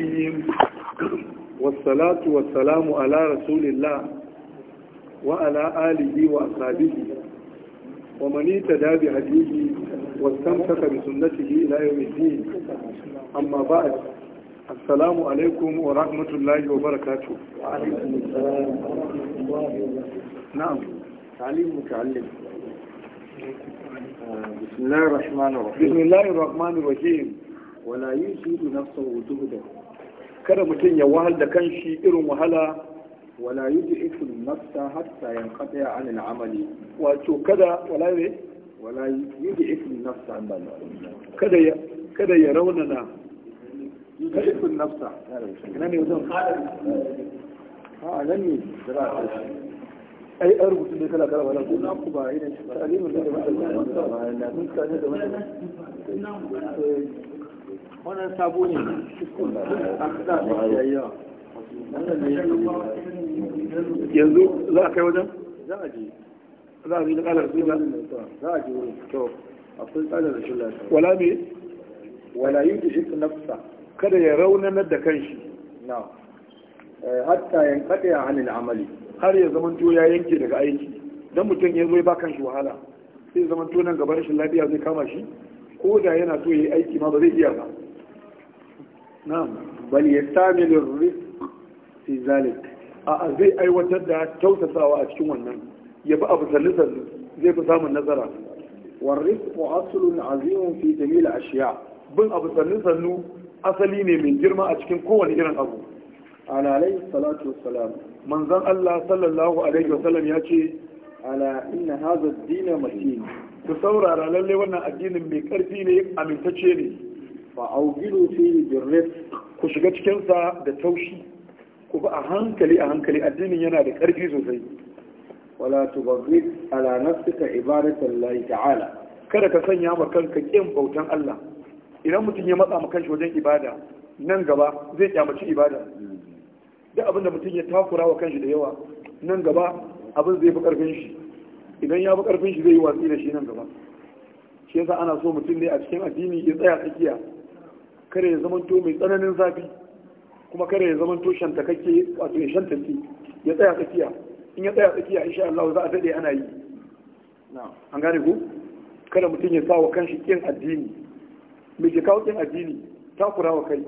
الرحيم والصلاة والسلام على رسول الله وعلى آله وأصحابه ومن اهتدى بهديه واستمسك بسنته إلى يوم الدين أما بعد السلام عليكم ورحمة الله وبركاته وعليكم السلام ورحمة الله وبركاته نعم تعليم متعلم بسم الله الرحمن الرحيم بسم الله الرحمن الرحيم ولا يزيد نفسه جهده kada mutum ya wahal da kanshi irin wahala wala yudhifu nafsa hatta yanqati ya al-amali wato kada wala ne wala yudhifu nafsa an kada ya kada ya rauna na raunana yudhifu nafsa ina ne wajen ha nan ne da ai an rubutu ne kala kala wala ko na ku ba irin ta'alimin da da da da da da da da da wannan sabo ne yanzu za a kai wajen za a je za a je kalar su za a je wurin to akwai tsarin rashin lafiya wala me wala yi da shi nafsa kada ya raunanar da kanshi na eh, hatta yan kada ya hannun amali har ya zama to ya yanke daga aiki dan mutum ya zo ya ba kanshi wahala sai zaman to nan gaba rashin lafiya zai kama shi ko da yana so ya yi aiki ma ba zai iya ba Na'am, bal yastamil rizq fi zalik. zai aiwatar da kyautatawa a cikin wannan. Ya bi abu sallisan zai fi samun nazara. War rizq wa aslun azimun fi jamil ashiya. Bin abu sallisan asali ne mai girma a cikin kowane irin abu. Ala alayhi salatu wassalam. Manzon Allah sallallahu alaihi wasallam ya ce ala inna hadha ad-din Ku saurara lallai wannan addinin mai ƙarfi ne amintacce ne. fa augilu fi birrif ku shiga cikin sa da taushi ku ba a hankali a hankali addinin yana da ƙarfi sosai wala tubaghi ala nafsika ibadatan lahi ta'ala kada ka sanya ma kanka kin bautan Allah idan mutum ya matsa ma shi wajen ibada nan gaba zai kyamaci ibada duk abin da mutum ya takura wa kanshi da yawa nan gaba abin zai fi karfin shi idan ya fi karfin shi zai yi watsi da shi nan gaba shi yasa ana so mutum ne a cikin addini ya tsaya tsakiya kare ya zamanto mai tsananin zafi kuma kare ya zamanto kake wato ya ce ya tsaya tsakiya in ya tsaya tsakiya insha Allah za a dade ana yi an gane ku kada mutum ya sawa kanshi kin addini mai ke kawo kin addini takura wa kai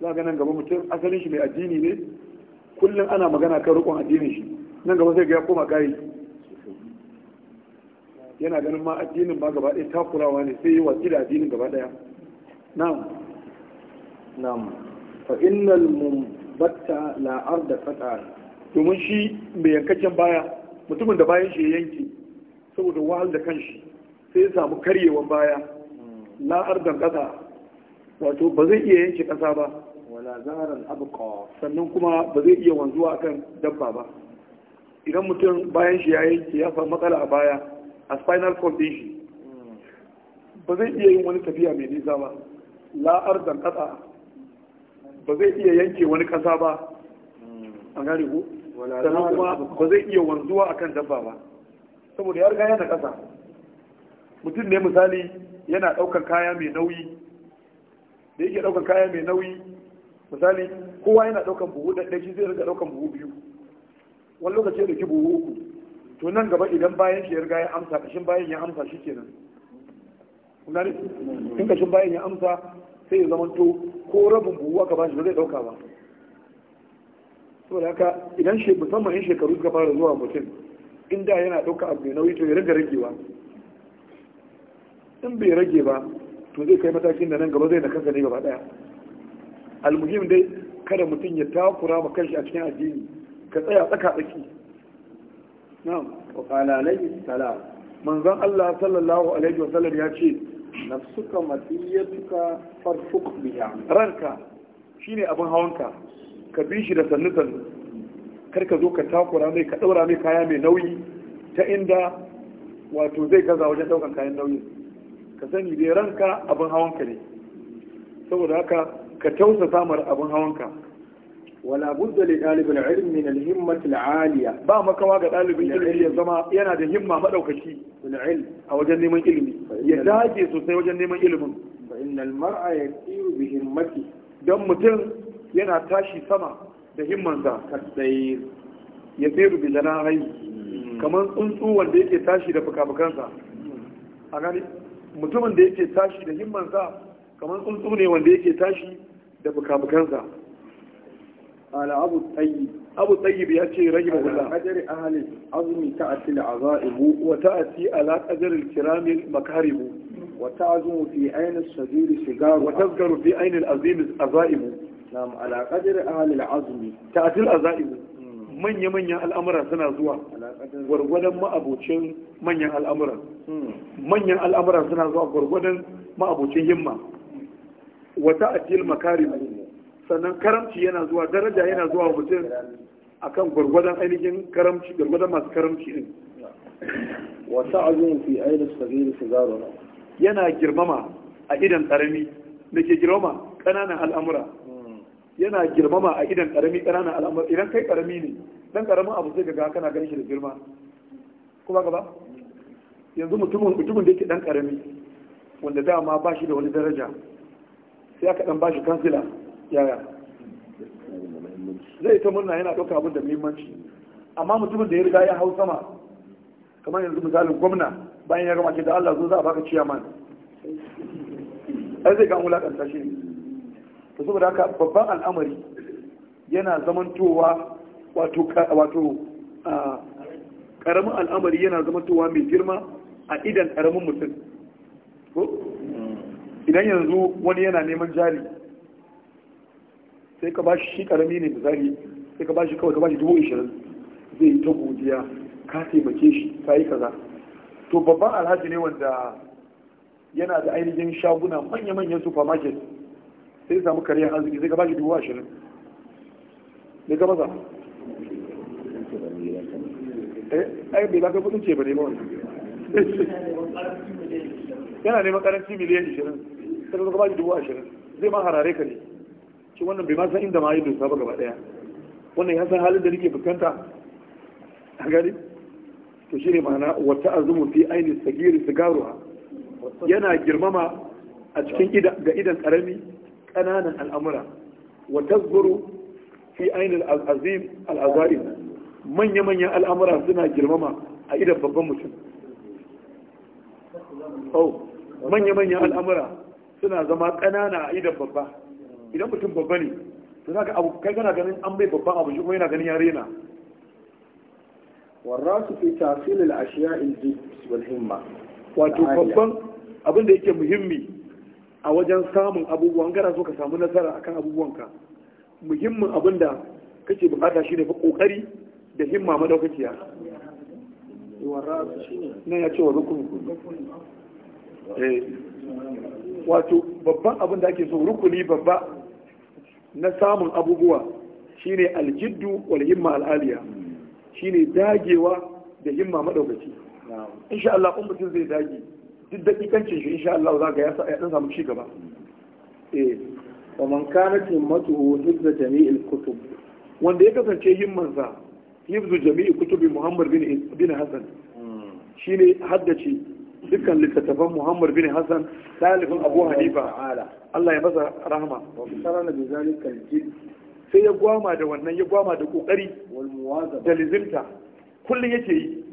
za ga nan gaba mutum asalin shi mai addini ne kullum ana magana kan rukun addinin shi nan gaba sai ga ya koma gayi yana ganin ma addinin ba gaba ɗaya takurawa ne sai yi watsi da addinin gaba ɗaya نعم نعم فإن innal لا la arda تمشي domin shi mai دبايا baya mutumin da دوال shi سيسا saboda wahal da kanshi sai ya samu baya wato ba zai iya yanke kasa ba wala zaharan abqa sannan kuma ba zai iya wanzuwa kan dabba ba idan mutum bayan shi ya yanke ya samu matsala a baya a spinal cord din shi hmm. ba zai iya yin wani tafiya mai nisa ba la'ar da ƙasa ba zai iya yanke wani ƙasa ba a gane ku sannan kuma ba zai iya wanzuwa akan dabba ba saboda ya riga yana ƙasa mutum ne misali yana ɗaukar kaya mai nauyi da yake ɗaukar kaya mai nauyi misali kowa yana ɗaukar buhu ɗaɗɗe shi zai riga ɗaukar buhu biyu wani lokaci da ki buhu uku to nan gaba idan bayan shi ya riga ya amsa ƙashin bayan ya amsa shi kenan kuna ne in ƙashin bayan ya amsa sai ya zama to ko rabin buwa ka bashi ba zai dauka ba saboda haka idan shi musamman in shekaru suka fara zuwa mutum in da yana dauka abu mai nauyi to ya rage ragewa in bai rage ba to zai kai matakin da nan gaba zai na kansa ne gaba daya almuhim dai kada mutum ya takura ma kanshi a cikin addini ka tsaya tsaka tsaki na'am wa qala alayhi salam manzon Allah sallallahu alaihi wa sallam ya ce nafsuka matiyatuka farfuk biya ranka shine abin hawanka ka bi shi da sannu sannu kar ka zo ka takura mai ka daura mai kaya mai nauyi ta inda wato zai gaza wajen daukan kayan nauyi ka sani dai ranka abin hawanka ne saboda haka ka tausa mar abin hawanka wala budda li dalibul ilm min al himmati al aliya ba makawa ga dalibin ilimi ya zama yana da himma madaukaki bil ilm a wajen neman ilimi ya dage sosai wajen neman ilimin fa innal mar'a yatiru bi himmati dan mutum yana tashi sama da himmansa kasai tiru bi janahi hmm. kamar tsuntsu wanda yake tashi da fuka a gani mutumin da yake tashi da himmansa kamar tsuntsu ne wanda yake tashi da fuka ala abu tsayi abu tsayi ya ce rage mahulla kadari ahalin azumi ta asil azaibu Wata ta'ati ala qadari kiramil makaribu wa ta'zumu fi ayn as-sadir shigar wa fi ayn al a azaibu nam ala qadari ahalil azumi ta'ati al-azaibu manya manyan al'amura suna zuwa gwargwadon ma'abocin manyan al'amura manyan al'amura suna zuwa gwargwadon ma'abocin himma Wata ta'ati al-makaribu sannan karamci yana zuwa daraja yana zuwa mutum akan gwargwadon ainihin karamci gwargwadon masu karamci din wata azun fi ainihin su zaro. yana girmama a idan karami da ke girmama ƙananan al'amura yana girmama a idan karami ƙananan al'amura idan kai karami ne dan karamin abu sai ga kana ganin shi da girma kuma gaba yanzu mutumin mutumin da yake dan karami wanda dama ba shi da wani daraja sai aka dan ba shi kansila yaya zai ta murna yana ɗauka abin da muhimmanci amma mutumin da ya riga ya hau sama kamar yanzu misalin gwamna bayan ya gama ce da Allah zo za a baka ciyaman ai zai ga wulaƙanta shi ne to saboda haka babban al'amari yana zamantowa wato wato al'amari yana zamantowa mai girma a idan karamin mutum idan yanzu wani yana neman jari sai ka ba shi karami ne misali sai ka shi kawai ka shi dubu ishirin zai yi ta godiya ka taimake shi ka yi kaza to babban alhaji ne wanda yana da ainihin shaguna manya-manyan supermarket sai samu kariyar arziki zai ba shi dubu ashirin ne gaba za ai bai baka kudin ce ba ne mawani yana neman karanci miliyan 20 sai ba shi dubu ashirin zai ma harare ka ne shi wannan bai ma san inda ma yi dosa ba gaba daya wannan ya san halin da nake fuskanta a gari to shi ne ma'ana wata azumu fi ainihin sagiri sigaruha yana girmama a cikin ga idan karami ƙananan al'amura wata zuru fi aini al'azim al'azari manya-manyan al'amura suna girmama a idan babban mutum manya-manyan al'amura suna zama ƙanana a idan babba idan mutum babba ne to zaka abu kai kana ganin an bai babban abu shi kuma yana ganin ya rena warasu fi tafsil al ashiya al jibs wal himma wato babban abin da yake muhimmi a wajen samun abubuwan gara so ka samu nasara akan abubuwanka muhimmin abin da kake bukata shi ne fa kokari da himma madaukakiya ne ya ce wa rukuni eh. wato babban abin da ake so rukuni babba na samun abubuwa shine aljiddu wal himma al'aliya shine dagewa da himma madaukaci insha Allah mutum zai dage duk dakikancin shi insha Allah za ga ya sa ya samu ci gaba eh wa man kanat himmatuhu hifz jami'il kutub wanda ya kasance sa hifz jami'i kutubi Muhammad bin bin Hassan hmm. shine haddace dukkan littattafan muhammad bin hassan ɗalibin abu hanifa allah ya masa rahama sai ya gwama da wannan ya gwama da kokari da lizimta kullum yake yi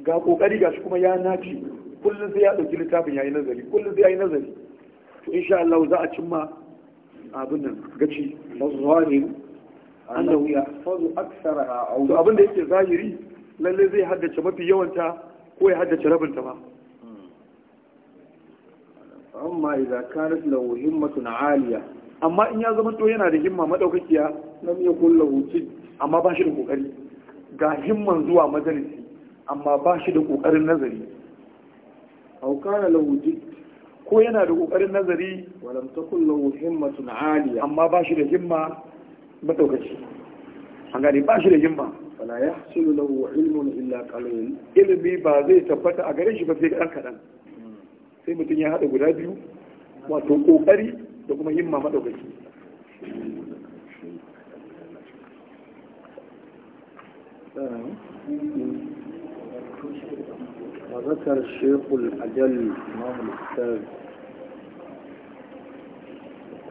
ga kokari shi kuma ya naci kullum sai ya ɗauki littafin ya yi nazari kullum sai ya yi nazari to insha Allah za a cimma abin nan gaci mazharin annahu yahfazu aktharaha aw to abin da yake zahiri lalle zai haddace mafi yawanta ko ya haddace rabinta ma amma idza kanat lahu himmatun aliya amma in ya zama to yana da himma madaukakiya lam yakul lahu jid amma ba shi da kokari ga himman zuwa majalisi amma ba shi da kokarin nazari aw kana lahu jid ko yana da kokarin nazari walam takul lahu himmatun aliya amma ba shi da himma madaukaci an gane ba shi da himma fala yahsulu lahu ilmun illa qalil ilmi ba zai tabbata a gare shi ba sai kadan kadan sai mutum ya haɗa guda biyu wato ƙoƙari da kuma ma maɗaukaki وذكر الشيخ الأجل إمام الأستاذ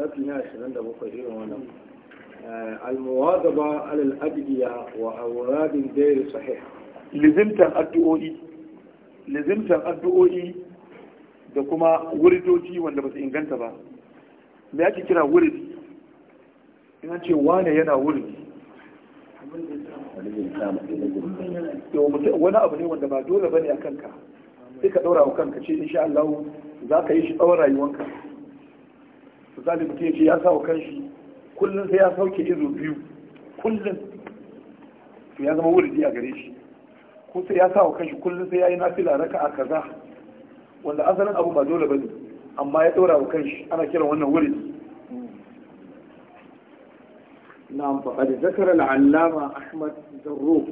shafi na 27 irin wannan المواظبة على الأدعية وأوراد غير صحيحة Lizimtan addu'o'i. Lizimtan addu'o'i da kuma wuridoji wanda ba su inganta ba me ake kira wuridi ina ce wane yana wuridi wani abu ne wanda ba dole ba ne a kanka sai ka daura wa kanka ce insha Allah za ka yi shi tsawon rayuwanka misali mutum ya ce ya sa wa kanshi kullum sai ya sauke izo biyu kullum to ya zama wuri a gare shi ko sai ya sa wa kanshi kullum sai ya yi nafila raka a kaza wanda asalin abu ba dole ba ne amma ya ɗora wa kanshi ana kiran wannan wuri. نعم فقد ذكر العلامة أحمد زروق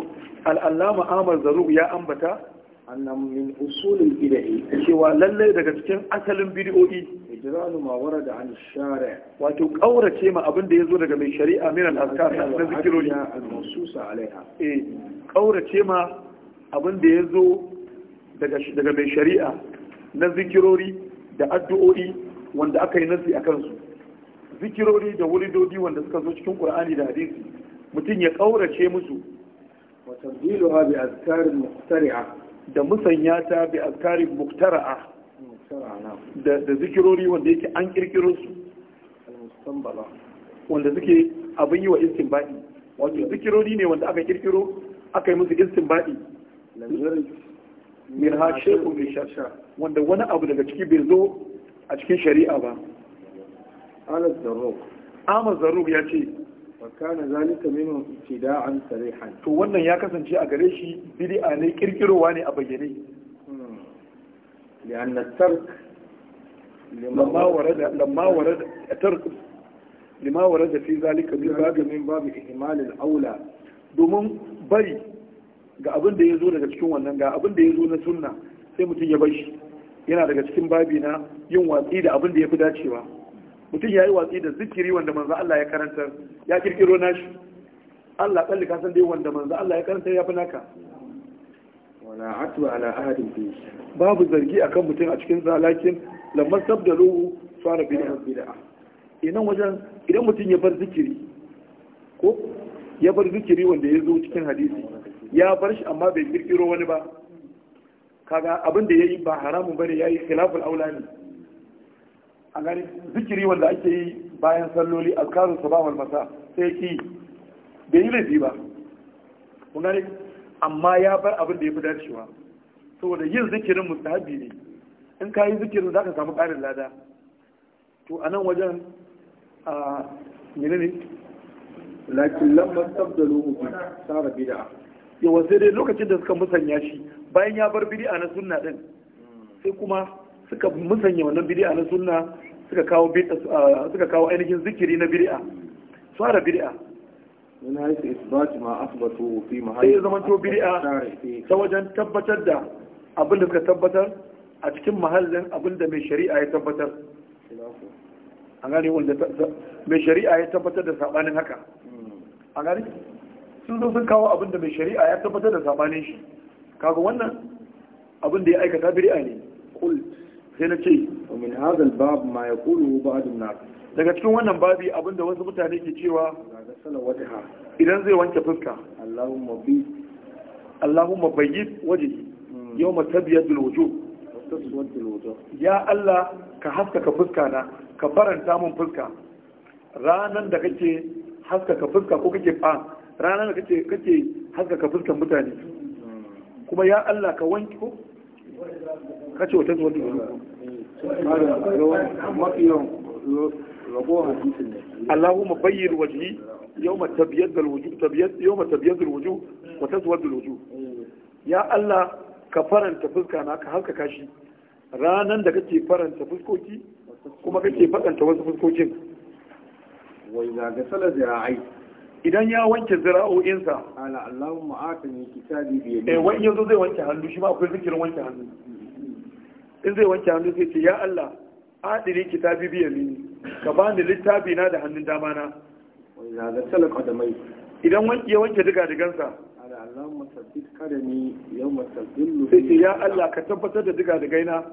العلامة أحمد زروق يا أنبتا annam min usulul bid'i cewa lallai daga cikin asalin bid'o'i ijranu ma warada an shari'a wato kaurace ma abin da yazo daga mai shari'a min al azkar na zikirori al mansusa alaiha eh kaurace ma abin da yazo daga daga mai shari'a na zikirori da addu'o'i wanda aka yi nasi a kansu zikirori da wuridodi wanda suka zo cikin qur'ani da hadisi mutum ya kaurace musu wa tabdiluha bi azkarin muhtari'a da musanya ta bi azkarin muktara'a da zikirori wanda yake an kirkiro su wanda suke abin yi wa istinbadi wato zikirori ne wanda aka kirkiro aka yi musu istinbadi min hashe ko shasha wanda wani abu daga ciki bai zo a cikin shari'a ba Ahmad Zarruk ya ce fakana zalika minhu ibtida'an sarihan to wannan ya kasance a gare shi bid'a ne kirkirowa ne a bayyane li'anna tark lamma warada lamma warada tark lima warada fi zalika min babu min babu ihmal al-aula domin bari ga abin da ya zo daga cikin wannan ga abin da ya zo na sunna sai mutum ya bar shi yana daga cikin babi na yin watsi da abin da ya fi dacewa mutum ya yi watsi da zikiri wanda manzo Allah ya karanta ya kirkiro nashi Allah tsalli kasan san dai wanda manzo Allah ya karanta ya fi naka wala atu ala ahadin fi babu zargi akan mutum a cikin zalakin lamma sabdalu fara bid'a bid'a idan wajen idan mutum ya bar zikiri ko ya bar zikiri wanda ya zo cikin hadisi ya bar shi amma bai kirkiro wani ba kaga abin da yayi ba haramun bane yayi khilaful aula ne a gani zikiri wanda ake yi bayan salloli a azkarun ba wal masa sai ki bai yi laifi ba kun gani amma ya bar abin da ya fi dacewa saboda yin zikirin mustahabi ne in ka yi zikirin za ka samu ƙarin lada to a nan wajen a mene ne lakin lamar tabdalo hukun tsara bid'a yawa sai dai lokacin da suka musanya shi bayan ya bar a na sunna din sai kuma suka musanya wannan a na sunna suka kawo ah, suka kawo ainihin zikiri na bid'a fara bid'a min haisu isbat ma asbatu fi mahalli sai zaman to bid'a ta wajen tabbatar da abin da suka tabbatar a cikin mahallin abin da mai shari'a ya tabbatar an gane wanda mai shari'a ya tabbatar da sabanin haka an gane sun zo sun kawo abin da mai shari'a ya tabbatar da sabanin shi kaga wannan abin da ya aikata bid'a ne qult sai na ce min hadal bab ma yaqulu ba'd an daga cikin wannan babi abinda wasu mutane ke cewa idan zai wanke fuska Allahumma bi Allahumma bayyid wajhi hmm. yawma tabyad al-wujuh ya Allah ka haskaka fuska na ka faranta mun fuska ranan da kake haskaka fuska ko kake fa ranan da kake kake haskaka fuskan mutane hmm. kuma ya Allah ka wanke kace wata zuwa da mafi yawan ragowar hadisin ne tabiyar da wajhi yawma tabyadda alwujuh tabyad yawma tabyadda ta zuwa da alwujuh ya Allah ka faranta fuska na ka haskaka shi ranan da kake faranta fuskoki kuma kake fadanta wasu fuskokin wai ga salar da ra'ayi idan ya wanke zira'o'insa ala Allahumma atini kitabi bi yadi eh wani yanzu zai wanke hannu shi ma akwai zikirin wanke hannu in zai wanke hannu sai ce ya Allah adini kitabi bi yadi ka bani littafi na da hannun dama na idan wanke ya wanke diga digansa ala Allahumma tabbit kadani yawma tazillu sai ce ya Allah ka tabbatar da diga digaina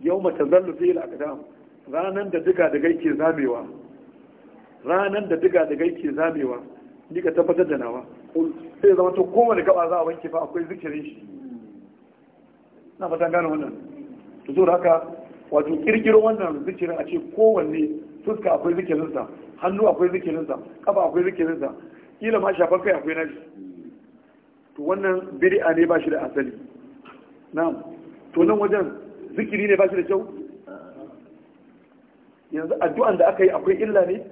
yawma tazallu fi al-aqdam ranan da diga digai ke zamewa ranan da diga digai ke zamewa ni ka tabbatar da nawa sai zama to wani gaba za a wanke fa akwai zikirin shi na fata gane wannan to zo haka wato kirkiro wannan zikirin a ce kowanne fuska akwai zikirinsa hannu akwai zikirinsa kafa akwai zikirinsa kila ma shafar kai akwai nashi to wannan bid'a ne ba shi da asali na'am to nan wajen zikiri ne ba shi da kyau yanzu addu'an da aka yi akwai illa ne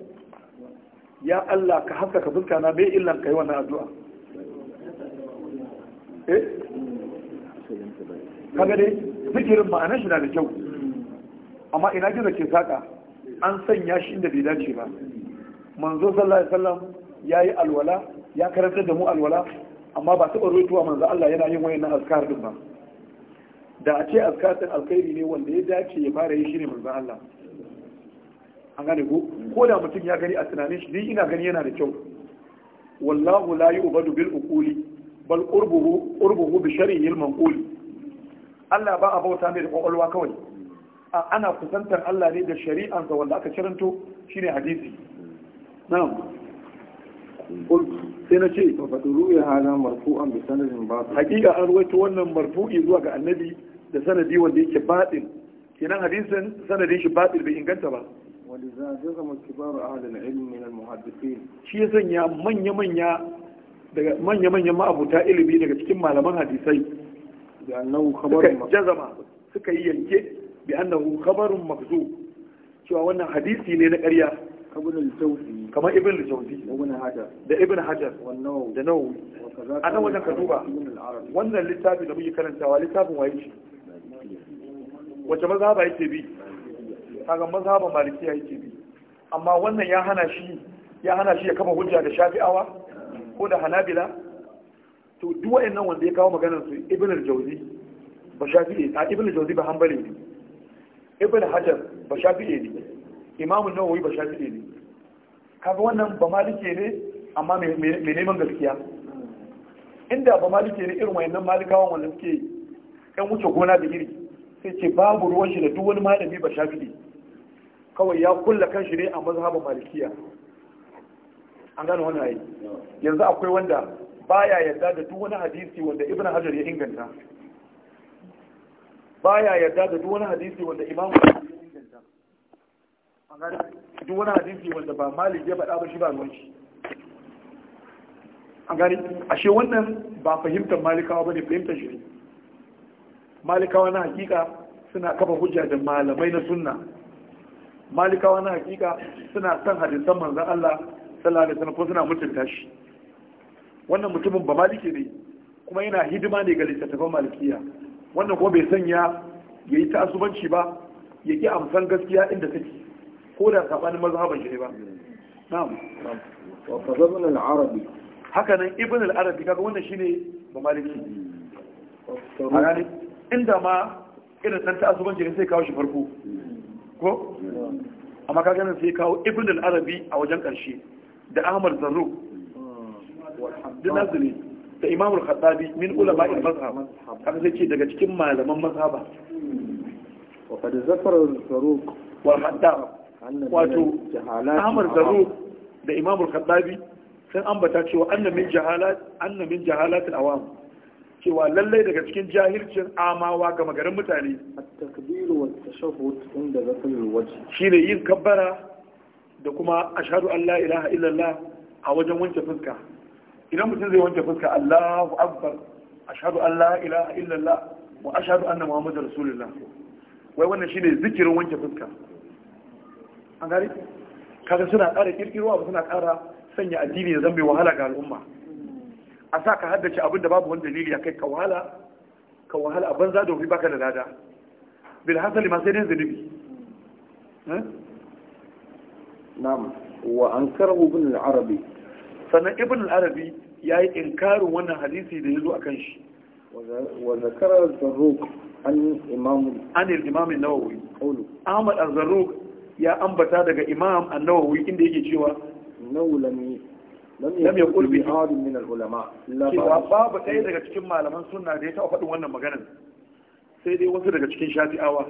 ya Allah ka haska ka fuska na bai illan kai wannan addu'a eh kaga dai fikirin ma'ana shi na da kyau amma ina gizo ke saka an sanya shi inda bai dace ba manzo sallallahu alaihi wasallam yayi alwala ya karantar da mu alwala amma ba taɓa rutuwa manzo Allah yana yin wayannan azkar din ba da a ce azkar din alkhairi ne wanda ya dace ya fara yi shi ne manzo Allah an gane ko ko da mutum ya gani a tunanin shi ni ina gani yana da kyau wallahu la yu'badu bil uquli bal qurbuhu qurbuhu bi shar'il manquli Allah ba a bauta mai da kwakwalwa kawai ana kusantar Allah ne da shari'ansa wanda aka ciranto shine hadisi na'am sai na ce faduru ya hada marfu'an bi sanadin batil hakika an ruwaito wannan marfu'i zuwa ga annabi da sanadi wanda yake batil kenan hadisin sanadin shi batil bai inganta ba ولذا جزم كبار أهل العلم من المحدثين شيء سنيا من يمن يا manya-manyan ilimi daga cikin malaman hadisai da annahu khabarun jazama suka yi yanke bi annahu khabarun makzu cewa wannan hadisi ne na ƙarya kamar ibn al da ibn hajar da nawawi a nan wajen ka wannan littafi da muke karantawa littafin waye shi wace mazhaba yake bi kaga mazhaban malikiya yake bi amma wannan ya hana shi ya hana shi ya kafa hujja da shafi'awa ko da hanabila to duk wa'annan wanda ya kawo maganar su ibn al-jawzi ba shafi'i a ibn al-jawzi ba hanbali ne ibn hajar ba shafi'i ne imam an-nawawi ba shafi'i ne kaga wannan ba malike ne amma mai neman gaskiya inda ba malike ne irin wayannan malikawan wanda suke yan wuce gona da iri sai ce babu ruwan shi da duk wani malami ba shafi'i kawai ya kulla kanshi ne a mazhabin malikiya an gano wani ayi yanzu akwai wanda baya yarda da duk wani hadisi wanda ibn hajar ya inganta baya yarda da duk wani hadisi wanda imam ya inganta an gani duk wani hadisi wanda ba malik ya faɗa ba shi ba ruwan shi an gani ashe wannan ba fahimtar malikawa ba ne fahimtar shi ne. malikawa na hakika suna kafa hujja da malamai na sunna malikawa na hakika suna san hadisan manzan Allah sallallahu alaihi wasallam ko suna mutunta shi wannan mutumin ba maliki ne kuma yana hidima ne ga littattafan malikiya wannan kuma bai sanya yayi tasubanci ba ya amsan gaskiya inda take ko da sabanin mazhaban shi ne ba na'am wa fadlun al-arabi haka nan ibn al-arabi kaga wannan shine ba maliki inda ma irin san tasubanci ne sai kawo shi farko ko amma ka ganin sai kawo ibn al-arabi a wajen karshe da ahmad zarro da nazari da imam al-khattabi min ulama al-mazhab haka sai ce daga cikin malaman mazhaba wa qad zafara zarruq wal khattab wato ahmad zarro da imam al-khattabi sun ambata cewa annamin min jahalat anna min jahalat al-awam cewa lallai daga cikin jahilcin amawa ga magarin mutane at-takbiru wa tashahhud inda zakalul wajh shine yin kabbara da kuma ashadu Allah ilaha illallah a wajen wance fuska idan mutum zai wance fuska Allahu akbar ashadu Allah ilaha illallah wa ashhadu anna muhammadar rasulullah wai wannan shine zikirin wanke fuska an gari kaga suna ƙara kirkiro ba suna ƙara sanya addini ya zama wahala ga al'umma a sa ka haddace abin da babu wani dalili a kai ka wahala ka wahala a banza da wuri baka da lada bil hasali masu yanayin zunubi eh? na'am wa ankarahu ibn al-arabi sannan ibn al-arabi yayi inkarin wannan hadisi da yazo akan shi wa zakara zarruq an imam an al-imam an-nawawi ahmad az-zarruq ya ambata daga imam an-nawawi inda yake cewa nawu lam ya kulbi ahadun min al-ulama cewa babu ɗaya daga cikin malaman sunna da ya taɓa faɗin wannan maganar sai dai wasu daga cikin shafi'awa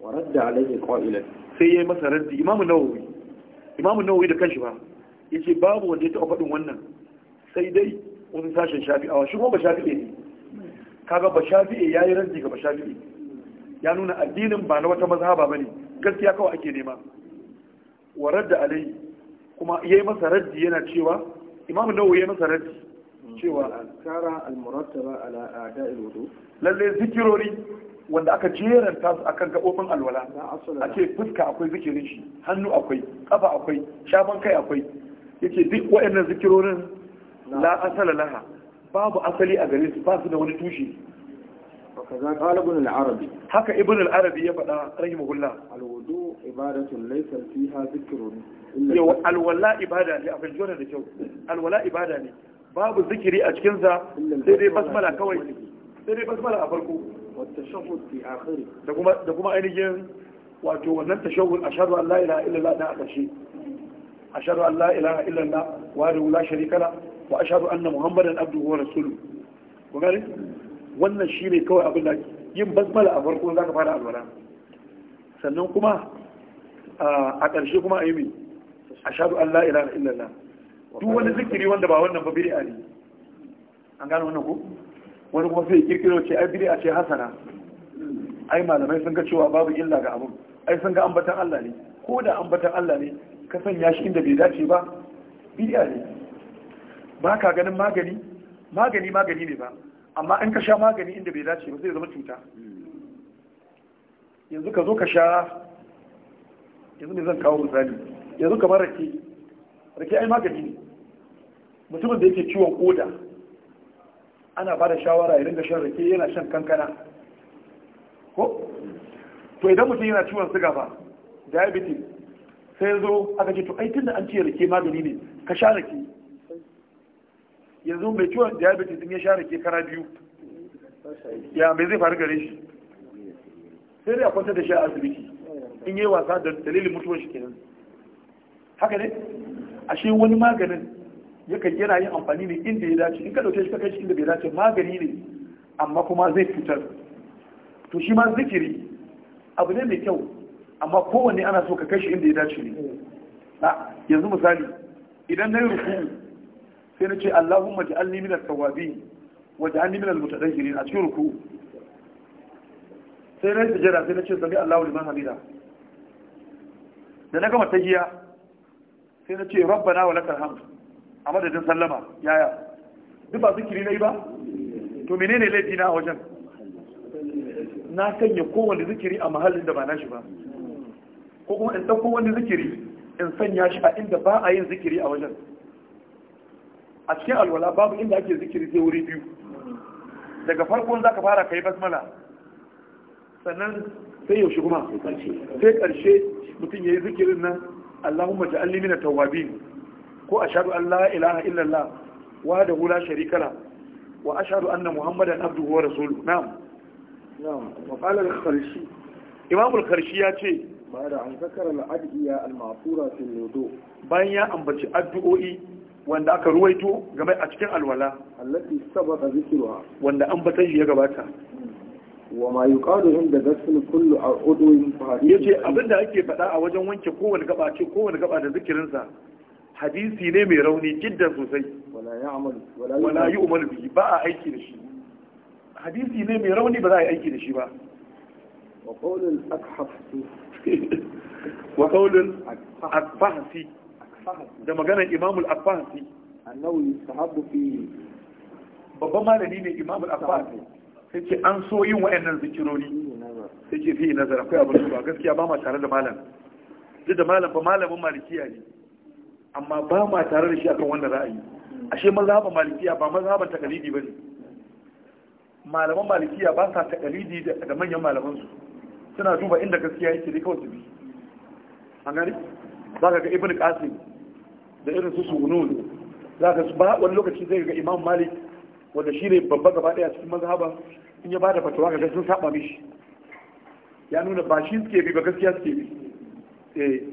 wa radda alayhi qailan sai yayi masa raddi imamu nawawi imamu nawawi da kanshi ba yace babu wanda ya taɓa faɗin wannan sai dai wasu sashen shafi'awa shi kuma ba shafi'e ne kaga ba shafi'e yayi raddi ga ba shafi'e ya nuna addinin ba na wata mazhaba bane gaskiya kawai ake nema wa radda alayhi kuma ya yi masa raddi yana cewa imamu ya yi masa raddi cewa azkara almurattaba ala a'da'il wudu lalle zikirori wanda aka jeranta su akan gaɓoɓin alwala ake fuska akwai zikirin shi hannu akwai ƙafa akwai shafan kai akwai yace duk waɗannan zikirorin la asala laha babu asali a gare su ba su da wani tushe وكذا قال ابن العربي حكى ابن العربي يبقى رحمه الله الوضوء عبادة ليس فيها ذكر yau alwala ibada ne a fahimci da kyau alwala ibada ne babu zikiri a cikinsa sai dai basmala kawai sai dai basmala a farko da kuma ainihin wato wannan tashahhud ashhadu an la ilaha illallah da aka ce ashhadu an la ilaha illallah wa la sharika la wa ashhadu anna muhammadan abduhu wa rasuluhu ku gani wannan shine kawai abin da yin basmala a farko zaka fara alwala sannan kuma a ƙarshe kuma a yi ayi ashadu an la ilaha illallah duk wani zikiri wanda ba wannan ba bid'a ne an gano wannan ko wani kuma sai kirkiro ce ai bid'a ce hasana ai malamai sun ga cewa babu illa ga abun ai sun ga ambatan Allah ne ko da ambatan Allah ne ka sanya shi inda bai dace ba bid'a ne ba ka ganin magani magani magani ne ba amma in ka sha magani inda bai dace ba zai zama cuta yanzu ka zo ka sha yanzu ne zan kawo misali yanzu kamar rake rake ai magani ne mutumin da yake ciwon koda ana ba da shawara ya ringa shan rake yana shan kankana ko to idan mutum yana ciwon suga ba diabetes sai zo aka ce to ai tunda an ce rake magani ne ka sha rake yanzu mai ciwon diabetes din ya sha rake kara biyu ya mai zai faru gare shi sai dai a kwanta da shi a asibiti in yi wasa da dalilin mutuwar shi kenan haka ne ashe wani maganin yakan yana yin amfani ne inda ya dace in ka dauke shi ka kai shi inda bai dace magani ne amma kuma zai fitar to shi ma zikiri abu ne mai kyau amma kowanne ana so ka kai shi inda ya dace ne na yanzu misali idan na yi rufu sai na ce Allahumma ja'alni minal tawabi wa ja'alni minal mutadahhirin a cikin ruku sai na yi sujada sai na ce sami Allahu liman hamida da na gama tahiya sai na ce rabbana wa lakal hamd a madadin sallama yaya duk ba zikiri nayi ba to menene laifi na wajen na sanya kowanne zikiri a mahallin da ba na shi ba ko kuma in ɗauko wani zikiri in sanya shi a inda ba a yin zikiri a wajen a cikin alwala babu inda ake zikiri sai wuri biyu daga farkon za ka fara kai basmala sannan sai yaushe kuma sai karshe mutum ya yi zikirin nan Allahumma ja'alni minat tawwabin ko ashhadu an la ilaha illa Allah wa da la sharika la wa ashhadu anna Muhammadan abduhu wa rasuluhu na'am na'am ya ce bada an zakara al bayan ya ambaci addu'o'i wanda aka ruwaito game a cikin alwala allati sabaqa zikruha wanda ambatan ya gabata wa ma yuqalu inda ghasl kullu a yin udwin fa yace abinda ake faɗa a wajen wanke kowane gaba ce kowane gaba da zikirin sa hadisi ne mai rauni jiddan sosai wala ya'malu wala yu'malu bihi ba a aiki da shi hadisi ne mai rauni ba za a yi aiki da shi ba wa qawlul akhaf wa qawlul akfahsi da maganar imamul akfahsi annahu yustahabbu fi babban malami ne imamul akfahsi sai ce an so yin wa'annan zikironi sai ce fi nazar akwai abin ba gaskiya ba ma tare da malam duk da malam ba malamin malikiya ne amma ba ma tare da shi akan wannan ra'ayi ashe mazhaban malikiya ba mazhaban takalidi ne. malaman malikiya ba sa takalidi da manyan malaman su suna duba inda gaskiya yake ne kawai su bi an gani za ka ga ibn qasim da irin su sunun za ka ba wani lokaci zai ga imam malik wanda shi ne babban gaba daya cikin mazhaban in ya bada fatawa ga sun saba mishi ya nuna ba shi suke bi ba gaskiya suke bi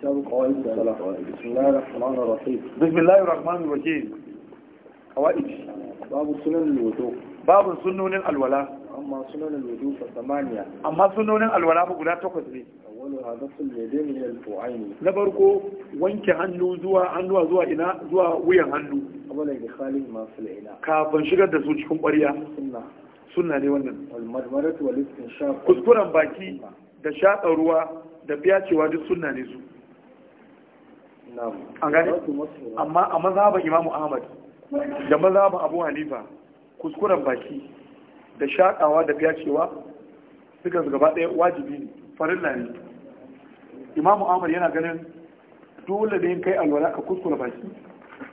بسم الله الرحمن Amma قوائد باب سنن الوضوء باب سنن na farko wanke hannu zuwa hannuwa zuwa ina zuwa wuyan hannu kafin shigar da su cikin ƙwarya suna ne wannan kuskuren baki da shaƙa ruwa da fiyacewa duk suna ne su an gane amma a mazhaban imamu ahmad da mazhaban abu hanifa kuskuren baki da shaƙawa da fiyacewa suka gaba ɗaya wajibi ne na ne imamu amur yana ganin dole ne kai alwala ka kuskura baki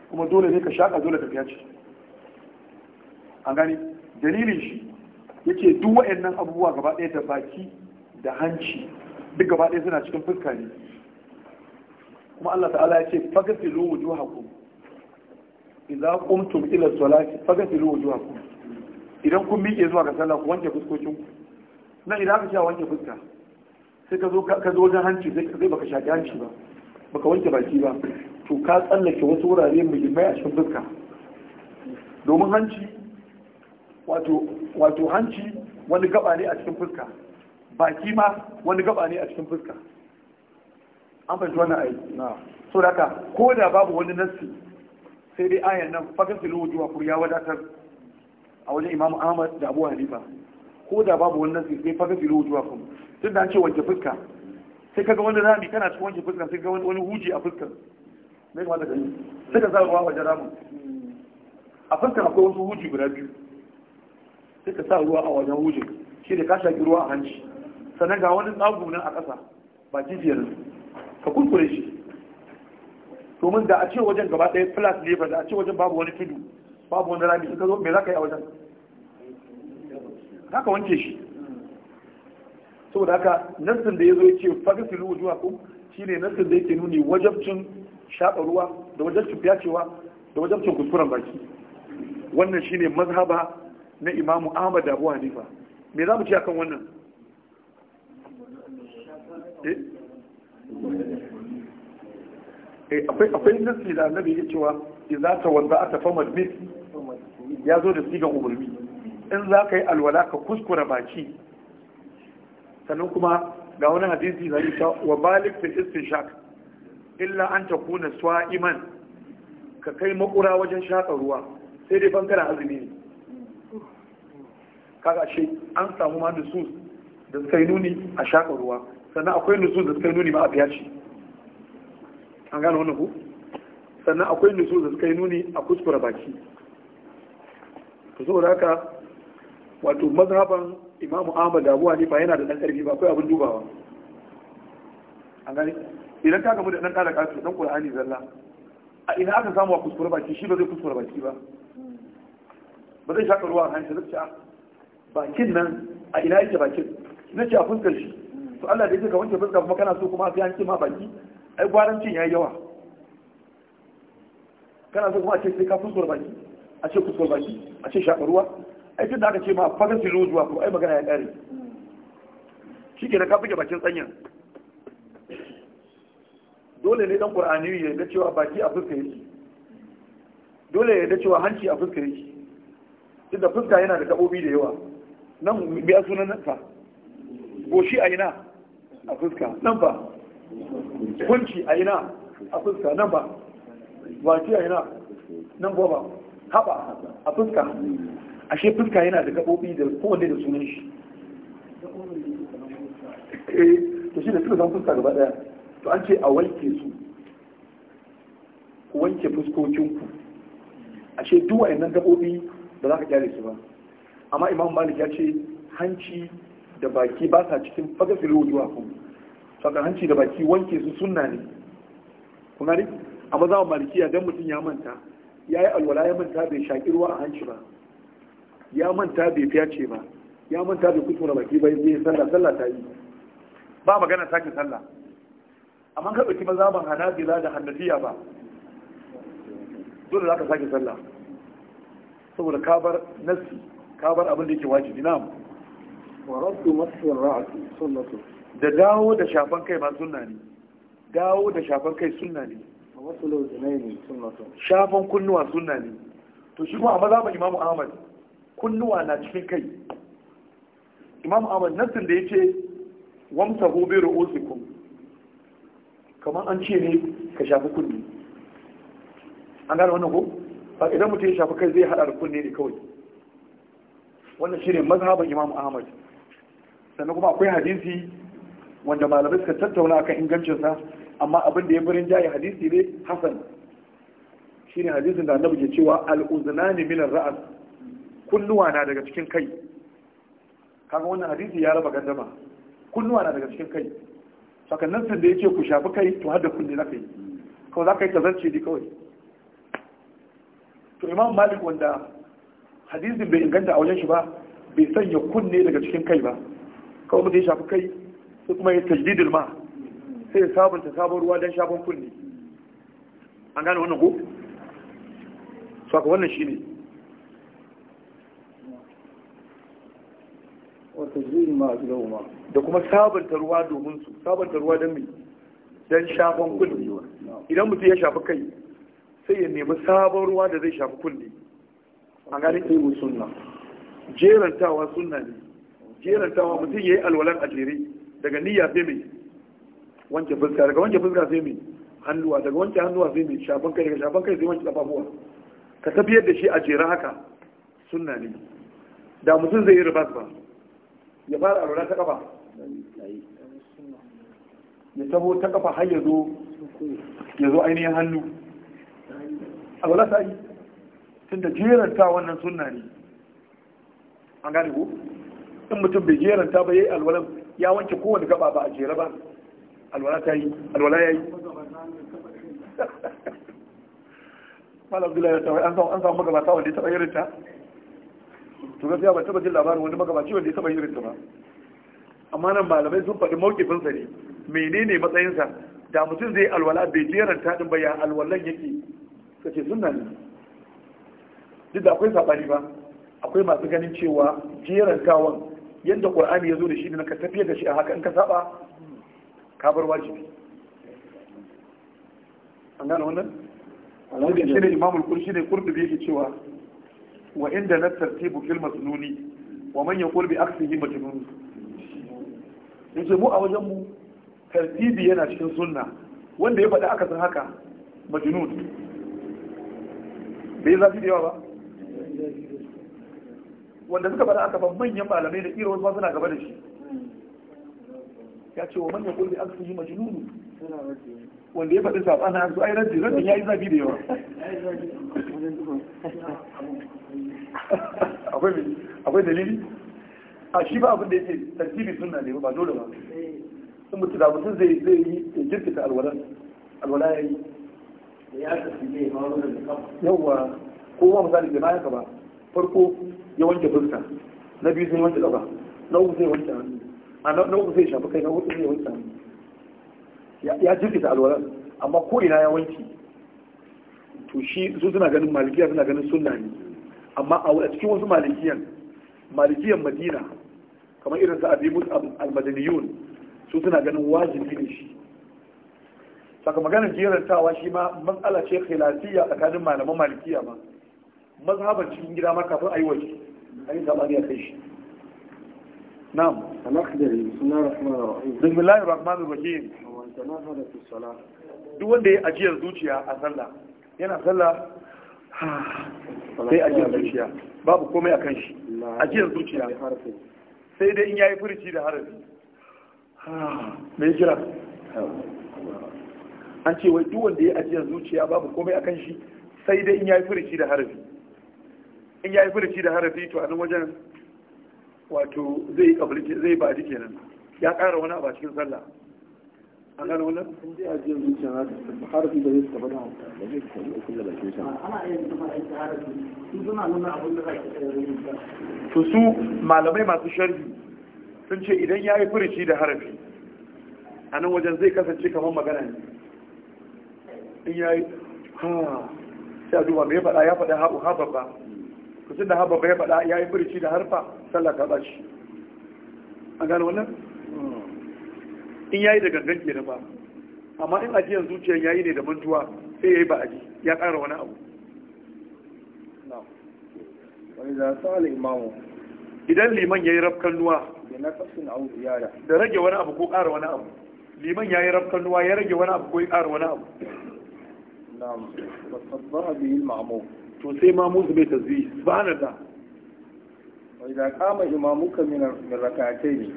kuma dole ne ka shaƙa dole ka fiyace an gani dalilin shi yake duk wa'annan abubuwa gaba ɗaya da baki da hanci duk gaba ɗaya suna cikin fuska ne kuma Allah ta'ala ya ce fagasilu wujuhakum idza qumtum ila salati fagasilu wujuhakum idan kun miƙe zuwa ga sallah ku wanke fuskokin ku nan idan aka ce wanke fuska sai ka zo ka zo wajen hanci sai baka shaƙi hanci ba baka wanke baki ba to ka tsallake wasu wurare muhimmai a cikin fuska domin hanci wato hanci wani gaba ne a cikin fuska baki ma wani gaba ne a cikin fuska an fahimci wannan ayi so da ko da babu wani nassi sai dai ayan nan fakan filu wujuwa kuma ya wadatar a wajen imam ahmad da abu Halifa, ko da babu wani nassi sai fakan filu wujuwa kuma. tun da an ce wanke fuska sai kaga wani rami kana cikin wanke fuska sai kaga wani huji a fuskar mai kamata ka yi sai ka zaɓa wajen ramin a fuskar akwai wasu huji guda biyu sai ka sa ruwa a wajen hujin shi da ka shaƙi ruwa a hanci sannan ga wani tsago nan a ƙasa ba jijiyar ka kurkure shi domin da a ce wajen gaba ɗaya flat ne ba da a ce wajen babu wani tudu babu wani rami sai ka zo me za ka yi a wajen za ka wanke shi saboda haka nassin da ya zo ya ce fagasilu shi shine nassin da yake nuni wajabcin shaɗa ruwa da wajabcin fiyacewa da wajabcin kuskuren baki wannan shi ne mazhaba na imamu ahmad da abu hanifa me za mu ci akan wannan eh, eh, akwai nassi da annabi ya cewa ta wanda aka fama bis ya zo da sigan umarni in za ka yi alwala ka kuskura baki sannan kuma ga wani hadisi da yi wa balik fil istinshaq illa an takuna iman ka kai makura wajen shaka ruwa sai dai bangaren azumi ne kaga shi an samu ma nusus da suka yi nuni a shaka ruwa sannan akwai nusus da suka yi nuni ma a biyar shi. an gane wannan ku sannan akwai nusus da suka yi nuni a kuskura baki to saboda haka wato mazhaban imamu ahmad da ne ba yana da dan karfi ba akwai abin dubawa an gani idan ka gamu da ɗan ƙara ƙarfi dan qur'ani zalla a ina aka samu a kuskure baki shi ba zai kuskure baki ba ba zai shaka ruwa a hanci zai ce ah, bakin nan a ina yake bakin zai ce a fuskar shi to Allah da yake ka wanke fuska kuma kana so kuma sai an ce ma baki ai gwarancin yayi yawa kana so kuma a ce sai ka kuskure baki a ce kuskure baki a ce shaka ruwa aikin da aka ce ma fagar silo zuwa ko ai magana ya kare shi ke da ka buge bakin tsanyan dole ne dan qur'ani ya yarda cewa baki a fuska yake dole ya yarda cewa hanci a fuska yake duk da fuska yana da gabobi da yawa nan biya sunan nan ko shi a ina a fuska nan ba kunci a ina a fuska nan ba baki a ina nan ba haba a fuska ashe fuska yana da gaɓoɓi da kowanne da sunan shi eh, to shi da suka san fuska gaba ɗaya to an ce a wanke su ku wanke fuskokinku ashe duk wa'annan gaɓoɓi ba za ka kyale su ba amma imam malik ya ce hanci da baki ba sa cikin fagasilu wujuwa kun saka hanci da baki wanke su sunna ne kuma ne amma za mu malikiya dan mutum ya manta ya yi alwala ya manta bai shaƙi ruwa a hanci ba ya manta bai fiyace ba ya manta bai kuskura baki ba zai sallah sallah ta yi ba magana sake sallah amma ka ɗauki mazaban hanabila da hannafiya ba dole za ka sake sallah saboda kabar nassi kabar abin da yake wajibi na wa raddu masfin ra'atu sunnatu da dawo da shafan kai ma sunna ne dawo da shafan kai sunna ne wasu lau ne sunnatu shafan kunnuwa sunna ne to shi kuma a mazaban imamu ahmad kunnuwa na cikin kai imam ahmad nassin da ya ce wamsahu bi ru'usikum kamar an ce ne ka shafi kunni an gane wannan ko ba idan mutum ya shafi kai zai hada da kunne ne kawai wannan shine mazhaban imam ahmad sannan kuma akwai hadisi wanda malamai suka tattauna akan ingancinsa amma abin da ya birin jaye hadisi ne hasan shine hadisin da annabi ke cewa al-uznani min ar-ra's kunnuwa na daga cikin kai kaga wannan hadisi ya raba gandama kunnuwa na daga cikin kai sakannan san da yake ku shafi kai to har da kunne na kai kawai za ka yi tazarce ne kawai to imam malik wanda hadisin bai inganta a wajen shi ba bai sanya kunne daga cikin kai ba kawai mutum ya shafi kai sai kuma ya tajdidul ma sai ya sabunta sabon ruwa don shafin kunne an gane wannan ko saka wannan shine da kuma sabanta ruwa domin su sabanta ruwa don mai don shafan kulle idan mutum ya shafi kai sai ya nemi sabon ruwa da zai shafi kulle a ganin ta suna sunna jerantawa sunna ne jerantawa mutum ya yi alwalan ajere daga niyya sai mai wanke fuska daga wanke fuska sai mai hannuwa daga wanke hannuwa sai mai shafan kai daga shafan kai sai wanke kafafuwa ka tafiyar da shi a jera haka sunna ne da mutum zai yi ribas ba ya fara alwala ta kafa ya tabo ta kafa har ya zo ya zo ainihin hannu alwala ta yi tun da jeranta wannan sunna ne an gane ko in mutum bai jeranta ba ya yi alwala ya wanke kowane gaba ba a jera ba alwala ta yi alwala ya yi malam abdullahi ya tawai an samu magabata wanda ya taɓa yarinta to gaskiya ba taba jin labarin wani magabaci wanda ya taba irin ba amma nan malamai sun faɗi mawkifin sa ne menene matsayinsa da mutum zai alwala bai jeran taɗin ba ya alwalan yake kace sunna ne duk da akwai sabani ba akwai masu ganin cewa jeran kawon yadda qur'ani ya zo da shi ne ka tafiya da shi a haka in ka saba ka bar wajibi an gane wannan alhamdulillah shi ne imamul kurshi ne kurdubi yake cewa wa inda na tartibu fil masluni wa man yaqul bi aksihi majnun yace mu a wajen mu tartibi yana cikin sunna wanda ya faɗi akasin haka majnun bai zafi da yawa ba wanda suka faɗa aka ban manyan malamai da irin wasu suna gaba da shi ya ce wa manyan kulli aksihi majnun wanda ya faɗi saɓa an su ai rajin rajin ya yi zafi da yawa akwai dalili a shi ba abin da yake tartibi sunna ne ba dole ba sun mutu da mutum zai zai yi ya jirkita alwala alwala ya yi yawa ko ma misali da bayan ba farko ya wanke fuska na biyu sai wanke ƙafa na uku sai wanke hannu a na uku sai shafi kai na hudu sai wanke hannu ya jirkita alwalar amma ko ina ya wanki to shi su suna ganin malikiya suna ganin sunna ne amma a cikin wasu malikiyan malikiyan madina kamar irin sa almadaniyun su suna ganin wajibi ne shi saka maganar jerantawa shi ma matsala ce khilafiyya tsakanin malaman malikiya ma mazhaban cikin gida ma kafin ayi waje ayi sabani a kai shi na'am al-akhdari bismillahir rahmanir rahim duk wanda ya ajiyar zuciya a sallah yana sallah sai ajiyar zuciya babu komai a kan shi ajiyar zuciya sai dai in ya yi furici da harafi mai jira an ce wai duk wanda ya ajiyar zuciya babu komai a kan shi sai dai in ya yi furici da harafi in ya yi da harafi to a nan wajen wato zai yi ba kenan ya ƙara wani a cikin sallah a gane wannan a jiya zuciya na harafi da zai taɓa da hau da zai taɓa da kulla bakin sa ana iya zama aiki harafi su suna nuna abin da zai to su malamai masu sharhi sun ce idan ya yi furici da harafi a nan wajen zai kasance kamar magana ne in ya yi ha sai a duba mai faɗa ya faɗa haɓu ha babba kusin da ha babba ya faɗa ya yi furici da harfa sallah ta ɓaci an gane wannan hmm. in yayi da gangan kenan ba amma in ajiyan zuciyar yayi ne da mantuwa sai yayi ba aji ya ƙara wani abu idan liman yi rafkan nuwa da rage wani abu ko ƙara wani abu liman yi rafkan nuwa ya rage wani abu ko ya ƙara wani abu na'am wasabbaha bihi al-ma'mum to sai mamu zai tasbih da. wa idza qama imamuka min ne.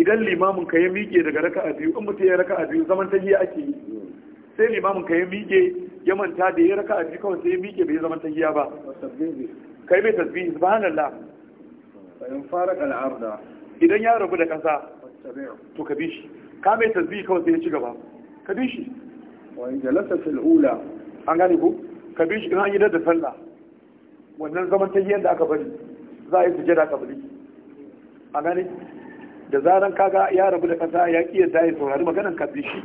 idan limamin ka ya miƙe daga a biyu in mutum ya a biyu zaman tahiya ake yi sai limamin ka ya miƙe ya manta da ya a biyu kawai sai ya miƙe bai zaman giya ba kai mai tasbih subhanallah in fara al'arda idan ya rabu da kasa to ka bi shi ka mai tasbih kawai sai ya ci gaba ka bi shi wa in jalasa fil ula an gane ku ka bi shi in an yi da sallah wannan zaman tahiyyar da aka bari za a yi sujada bari. a gane da zaran kaga ya rabu da kasa ya ki yadda ya saurari maganan ka shi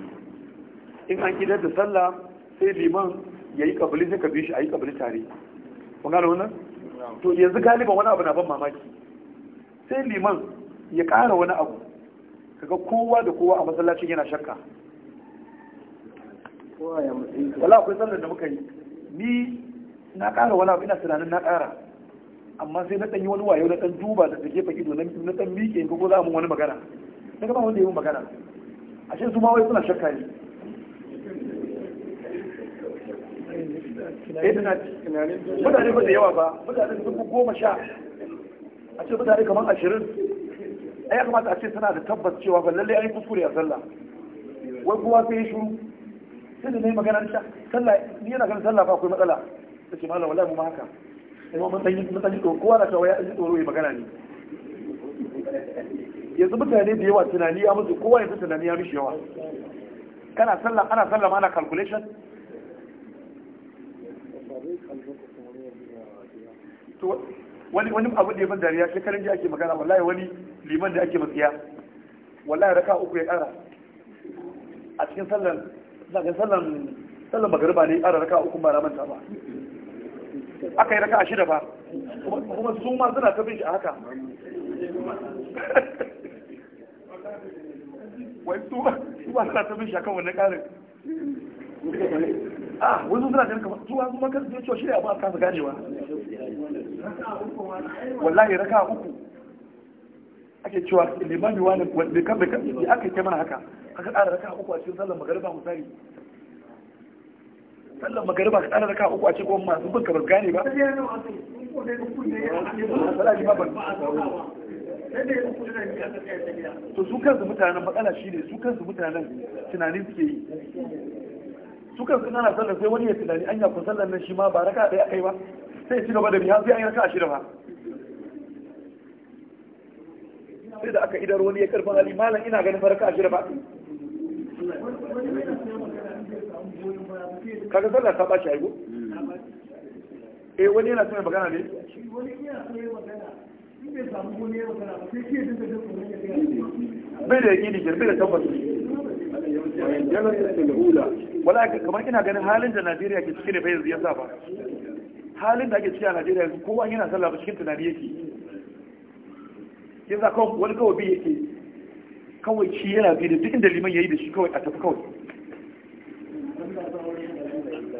in an kidar da sallah sai liman ya yi kabili sai ka bi shi a yi kabili tare kun gane wannan to yanzu galiban wani abu na ban mamaki sai liman ya ƙara wani abu kaga kowa da kowa a masallacin yana shakka wala akwai sallar da muka yi ni na ƙara wani abu ina tunanin na ƙara amma sai na yi wani wayo na ɗan duba da ta gefen ido na ɗan miƙe in ko za mu wani magana na gaba wanda ya yi magana a shi su ma wai suna shakka ne eh, mutane ba da yawa ba mutane sun goma sha a ce mutane kamar ashirin ai ya kamata a ce tana da tabbas cewa ba lallai an yi kuskure a sallah wai kowa sai ya shuru sai da na yi magana ta sallah ni yana ganin sallah ba akwai matsala ta ce malam wallahi mu ma haka kuma kowa na cewa ya ji tsoro ya magana ne yanzu mutane da yawa tunani ya musu kowa yanzu tunani ya rushe yawa kana sallama ana sallama ana calculation to wani wani abu da ya ban dariya shekarun ji ake magana wallahi wani liman da ake matsiya wallahi raka uku ya kara a cikin sallan sallan sallan magariba ne kara raka uku ba ramanta ba aka yi raka shida ba kuma su ma suna ta bin shi a haka wai su ba suna ta bin shi akan wani karin a wasu ah, suna ganin kamar su wasu makar da cewa shirya ba a kasa ganewa wallahi raka uku ake cewa limami wani wanda kan bai ake kemana mana haka aka ƙara raka uku a cikin sallar magariba misali sallar magariba ka tsara da uku a cikin masu bin kamar gane ba to su kansu mutanen matsala shi ne su kansu mutanen tunanin suke yi su kansu ana sallar sai wani ya tunani an yakun sallar nan shi ma ba raka ɗaya kai ba sai ci gaba da biya sai an yi raka shirya ba sai da aka idar wani ya karfin hali malam ina ganin a shirya ba kaga sallah ta bashi aigo eh wani yana son magana ne bai da yaki ne bai da tabbata wala kamar ina ganin halin da Najeriya ke ciki da bai yanzu ya sa ba halin da ake ciki a Najeriya yanzu kowa yana sallah ba cikin tunani yake yanzu kawai wani kawai bi yake kawai shi yana bi da duk inda ya yi da shi kawai a tafi kawai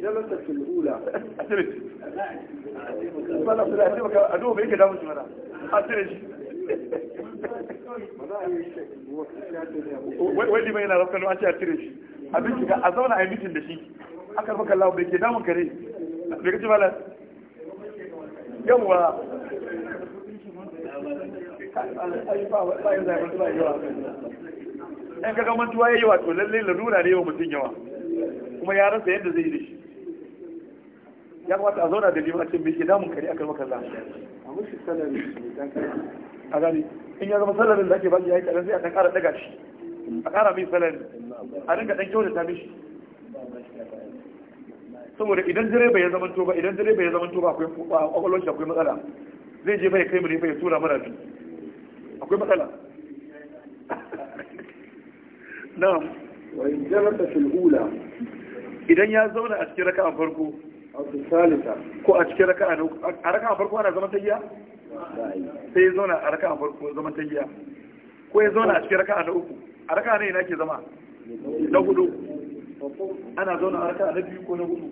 jalasa fil'ula a cire shi a duba shi a cire shi a cire shi a a zauna a yi mitin da shi a rufa kallawa bai ke damun kare bai ka ci malar yawwa ɗan kaga ya yi wato lallai larura ne yawa mutum yawa kuma ya rasa yadda zai yi da shi ya kamata a zauna da liman ce cikin ke damun kare akan maka za a gani in ya zama salarin da ake baki ya yi kadan sai a kan kara daga shi a kara mai salarin a rinka dan ta mishi saboda idan direba bai zama toba idan direba ya zama toba akwai kwakwalwar shi akwai matsala zai je bai kai mu ne bai tura mara bi akwai matsala na. wa in jarata fil ula idan ya zauna a cikin a farko ko a cikin raka'a a raka'a farko ana zama tayya sai ya zauna a raka'a farko zama tayya ko ya zauna a cikin raka'a na uku a raka'a ne ke zama na hudu ana zauna a raka'a na biyu ko na hudu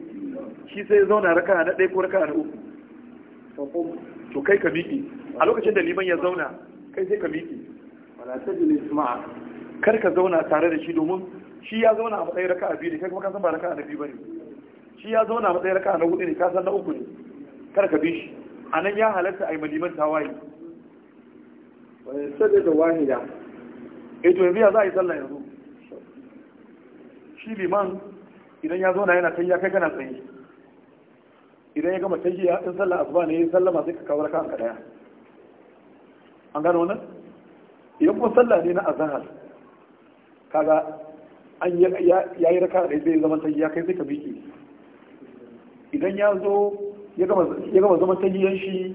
shi sai ya zauna a raka'a na ɗaya ko raka'a na uku to kai ka miƙi a lokacin da liman ya zauna kai sai ka miƙi kar ka zauna tare da shi domin shi ya zauna a matsayin raka'a biyu ne kai kuma ka san ba raka'a na biyu bane shi ya zauna a matsayin raka'a na hudu ne ka san na uku ne kar ka bi shi a nan ya halatta a yi maliman tawaye wani sadar da wahida e to yanzu ya za a yi sallah yanzu shi liman idan ya zauna yana tayya kai kana tsaye idan ya gama tayya in sallah asuba ne ya sallama sai ka kawo raka ka daya an gano wannan idan kuma sallah ne na azhar kaga an ya yi raka da zai zama tahiya kai sai ka miƙe idan ya zo ya gama zaman tahiyan shi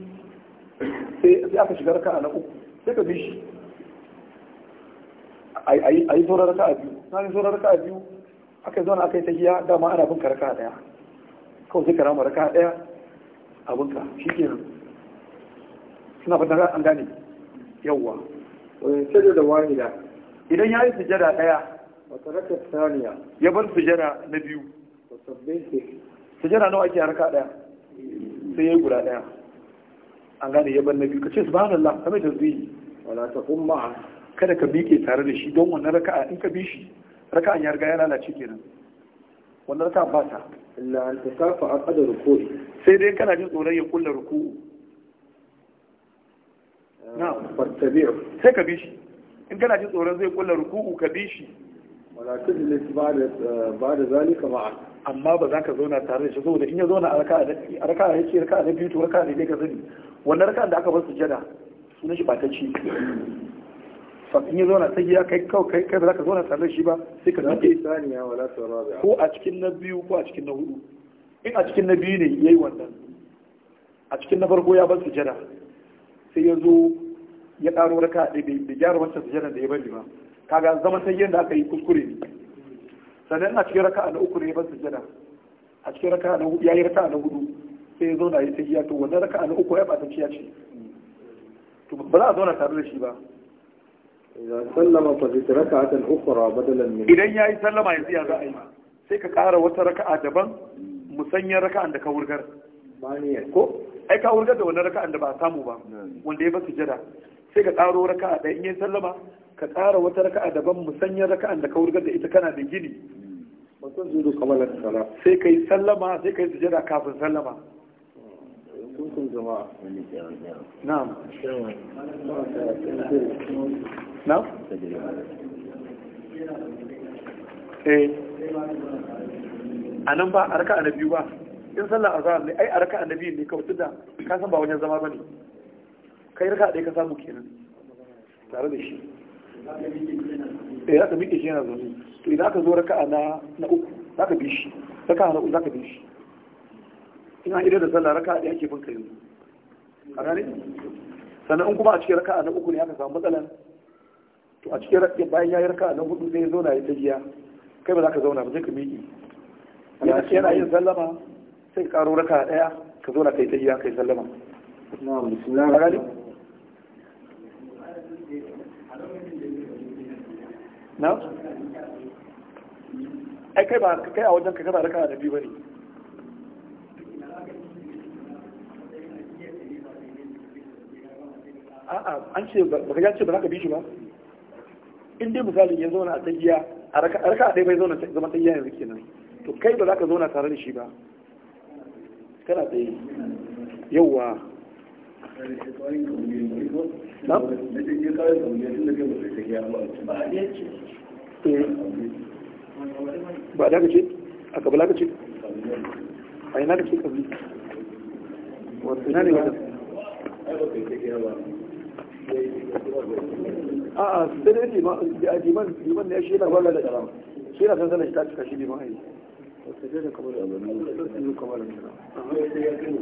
sai aka shiga raka na uku sai ka bi a yi sauran raka a biyu na yi sauran raka a biyu aka zauna aka yi tahiya dama ana binka raka ɗaya kawai sai ka rama raka ɗaya a binka shi ke suna fata an gane yawwa eh, sajada wahida idan ya yi sujada ɗaya. وترك الثانية يبر سجرة نبيو وصبيته سجرة نوع Sai أركا yi سيقول أنا an gane yaban na biyu ka ce subhanallah kame da zai wala ta umma kada ka miƙe tare da shi don wannan raka'a in ka bi shi raka'an ya riga ya lalace kenan wannan raka'a ba ta illa an tasafa a kada ruku'i sai dai kana jin tsoron ya kulla ruku'u na fartabi'u sai ka bi shi in kana jin tsoron zai kulla ruku'u ka bi shi walakin da ba da zalika ma'a amma ba za ka zauna tare da shi saboda in ya zauna a raka da yake raka da biyu to raka da ka zani, wannan raka da aka bar su jada sunan shi batacci fa in ya zauna sai ya kai kai kai ba za ka zauna tare da shi ba sai ka sake saniya wala ko a cikin na biyu ko a cikin na hudu in a cikin na biyu ne yayi wannan a cikin na farko ya bar su jada sai ya zo ya karo raka da bai gyara wancan sujadan da ya bari ba kaga zama ta yadda aka yi kuskure ne sannan a cikin raka'a na uku ne ban sujjada a cikin raka'a na hudu yayi raka'a na hudu sai ya zauna ya to wannan raka'a na uku ya ba ta ciya ce to ba za a zauna tare da shi ba idan sallama fa zai raka'atan ukhra badalan min idan yayi sallama yanzu ya za a yi sai ka ƙara wata raka'a daban musanyar raka'an da ka wurgar ko ai ka wurgar da wannan raka'an da ba a samu ba hmm. wanda ya ba sujjada sai ka karo raka'a da in yi sallama ka tsara wata raka'a daban musanyar raka'an da ka wurgar da ita kana da gini mutum ka yi sallama sai ka sallama sai kai sujada kafin sallama eh. A nan na'am a eh ba a raka na biyu ba in sallar azhar ne ai a raka na biyu ne kawai tunda ka san ba wajen zama ba ne kai a ɗaya ka samu kenan tare da shi eh za ka miƙe shi yana zaune to idan aka zo raka a na uku za ka bi shi raka'a na uku za ka bi shi ina idan da sallah a ɗaya ke bin ka yanzu a gane sannan in kuma a cikin raka'a na uku ne aka samu matsalan to a cikin raka bayan yayi raka'a na hudu sai ya zauna ya tajiya kai ba za ka zauna ba sai ka miƙe yana yin sallama sai ka karo a ɗaya ka zauna kai tajiya kai sallama na'am bismillah na ai kai ba kai a wajen ka kana raka da biyu bane a'a an ce ba ka ce ba za ka bi shi ba in dai misali ya zauna a tsakiya a raka ɗaya bai zauna zama tsakiya yanzu kenan to kai ba za ka zauna tare da shi ba kana tsaye yauwa ba da kace a kabila kace a ina kace kabili wato ina ne wata a a sai dai liman da liman liman ne shi yana wala da kalam shi yana san sanin ta cika shi liman ai wato sai da kabila ba ne sai da kabila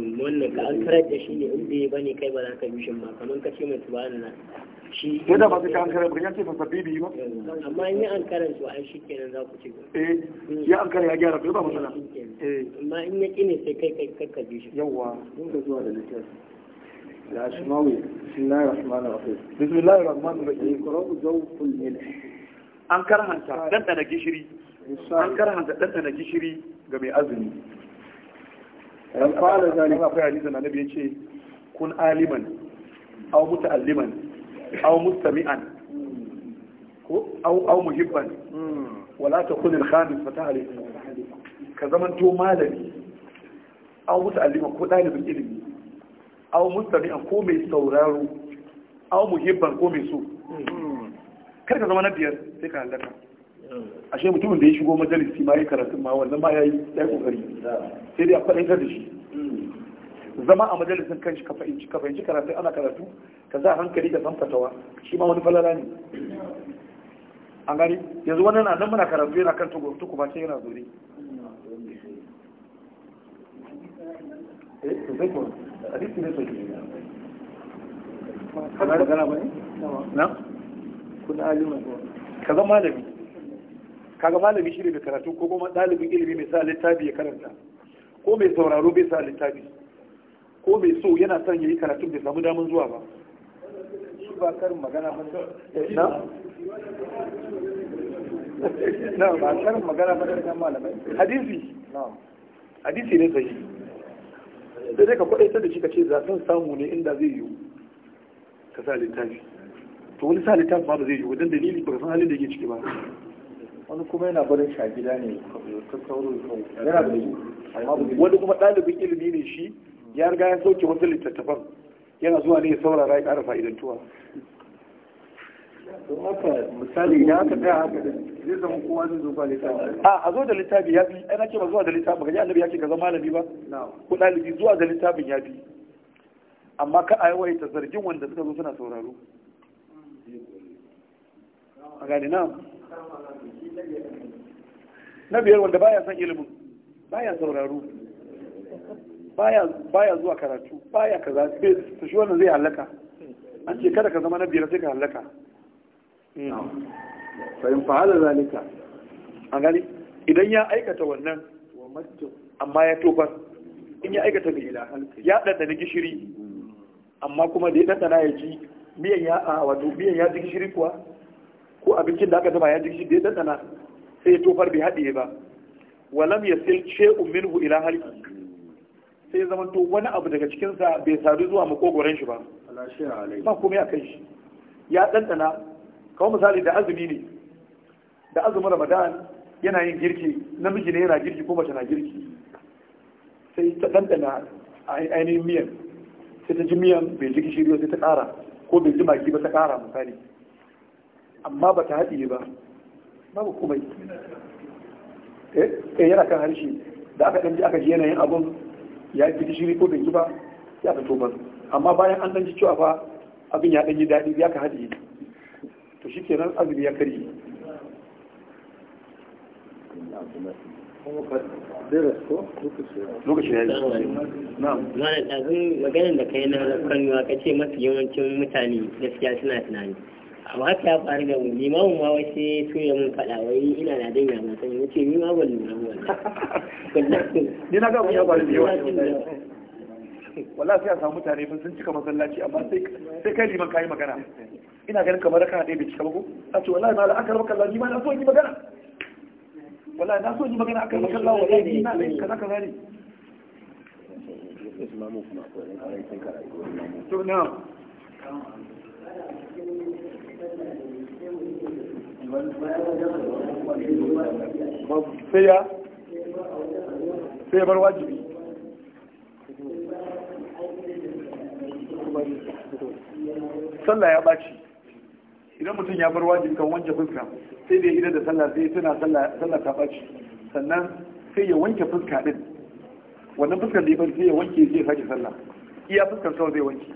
wannan ka an karar da shi ne in bai kai ba za ka bishin ma kamar ka ce mai subhana shi ya da ba su ka karar ba ce fa sabbi ba amma in yi an karar su ai shikenan za ku ci eh ya an karar ya gyara ba ba eh amma in ya ne sai kai kai bishin yawa mun ka zuwa da littafi العشماوي بسم الله الرحمن الرحيم بسم an karhanta ɗanɗana gishiri an karhanta gishiri ga mai azumi ran fara zalika akwai hadisin annabi yace kun aliman aw muta'alliman aw mustami'an ko aw aw muhibban wala takun al-khamis fa ta'rif ka zaman to malami aw muta'alliman ko dalibin ilimi aw mustami'an ko mai sauraro aw muhibban ko mai so hmm. kar ka zama na biyar sai ka halaka ashe mutumin da ya shigo majalisi ma ya karatu ma wannan ma ya yi ya kokari sai dai a faɗaitar da shi zama a majalisin shi ka fahimci ka fahimci karatu ana karatu ka za hankali ka san fatawa shi ma wani falala ne an gani yanzu wannan nan muna karatu yana kan tuku ba eh, sai yana zuri kuna to ba ka zama malami kaga malami shi ne mai karatu ko kuma ɗalibin ilimi mai sa littafi ya karanta ko mai sauraro bai sa littafi ko mai so yana son ya yi karatu bai samu damar zuwa ba ba karin magana ba na na ba karin magana ba da malamai hadisi hadisi ne sai sai dai ka ta da shi ka ce za san samu ne inda zai yiwu ka sa littafi to wani sa littafi ba ba zai yiwu wajen dalili ba san halin da yake ciki ba wani kuma yana barin shi a gida ne yana da su wani kuma ɗalibin ilimi ne shi ya riga ya sauke wasu littattafan yana zuwa ne ya saurara ya ƙara fa'idantuwa misali idan aka tsaya haka zai zama kowa zai zo ba littafi a a zo da littafi ya fi ana ce ba zuwa da littafi ka ji annabi ya ce ka zama malami ba ko ɗalibi zuwa da littafin ya fi amma ka a yawaita zargin wanda suka zo suna sauraro hmm. a gane na na biyar wanda baya son ilimin baya sauraro baya zuwa karatu baya kaza sai shi wannan zai halaka an ce kada ka zama na biyar sai ka halaka hmm. fa fa'ala zalika an gani idan ya aikata wannan amma ya tofar in ya aikata da ila ya da gishiri amma kuma da ya ɗanɗana ya ji biyan ya a wato biyan ya ji gishiri kuwa ko abincin da aka zama ya ji da ya dandana sai ya tofar bai haɗiye ba walam ya sil umin hu ila halki sai zama to wani abu daga cikinsa bai sadu zuwa makogoran shi ba ba kuma ya kai shi ya dandana kawai misali da azumi ne da azumi ramadan yana yin girki namiji ne yana girki ko mace na girki sai ta dandana ainihin miyan sai ta ji miyan bai ji gishiri sai ta ƙara ko bai ji maki ba ta ƙara misali amma ba ta haɗiye ba babu komai eh, eh yana kan harshe da aka ɗan ji aka ji yanayin abun ya yi shiri ko bai ba ya ka tobar amma bayan an ɗan ji cewa fa abin ya ɗan yi daɗi ya ka haɗiye to shi kenan azumi ya karye lokaci ya yi maganin da kai na kan ka ce mafi yawancin mutane gaskiya suna tunani amma haka ya faru da mu limamin ma wai sai mun fada wai ina na dan yaman sani na ce ni ma ban lura wannan ni na ga mun ya faru da yawa wallahi sai a samu mutane fa sun cika masallaci amma sai sai kai liman kai magana ina ganin kamar raka ɗaya bai cika ba ko a ce wallahi ma la'akar maka Allah ma na so yi magana wallahi na so yi magana akan maka Allah wallahi ni na kaza kaza ne to na sai ya sai bar wajibi sallah ya ɓaci idan mutum ya bar wajibi kan wanke fuska sai da ya da sallah sai suna sallah ta ɓaci sannan sai ya wanke fuska ɗin wannan fuskar da ya sai ya wanke sai ya sake sallah iya fuskar sau zai wanke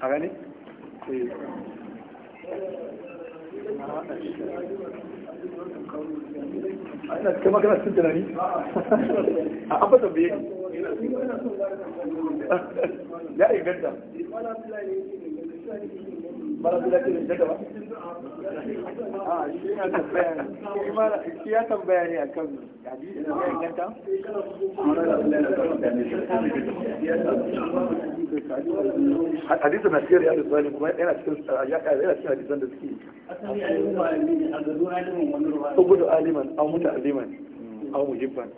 a gane? Eh. ana cikin magana cikin tunani a abin da ya inganta bara su lafiya da gaba a shi yana tambaya ne kuma shi ya tambaya ne akan da ya inganta hadisin na siyar ya da zuwa kuma yana cikin yana cikin hadisan da suke ubudu aliman aw aliman aw mujibban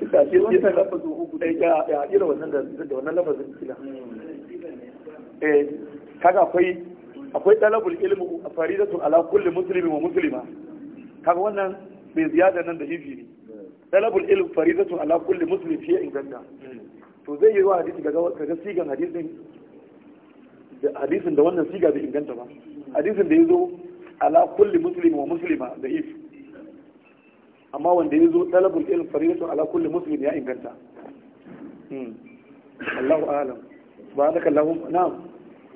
kisa shi ne ta lafazu uku dai ga irin wannan da wannan lafazin kila Eh, kaga akwai akwai talabul ilmi faridatun ala kulli muslimin wa muslima kaga wannan bai ziyada nan da hifi talabul ilmi faridatun ala kulli muslimin fiye inganta to zai yi wa hadisi kaga sigan hadisin da hadisin da wannan siga bai inganta ba hadisin da ya zo ala kulli muslimin wa muslima da if amma wanda ya zo talabul ilm faridatun ala kulli muslimin ya inganta hmm. Allahu a'lam haka Allahu na'am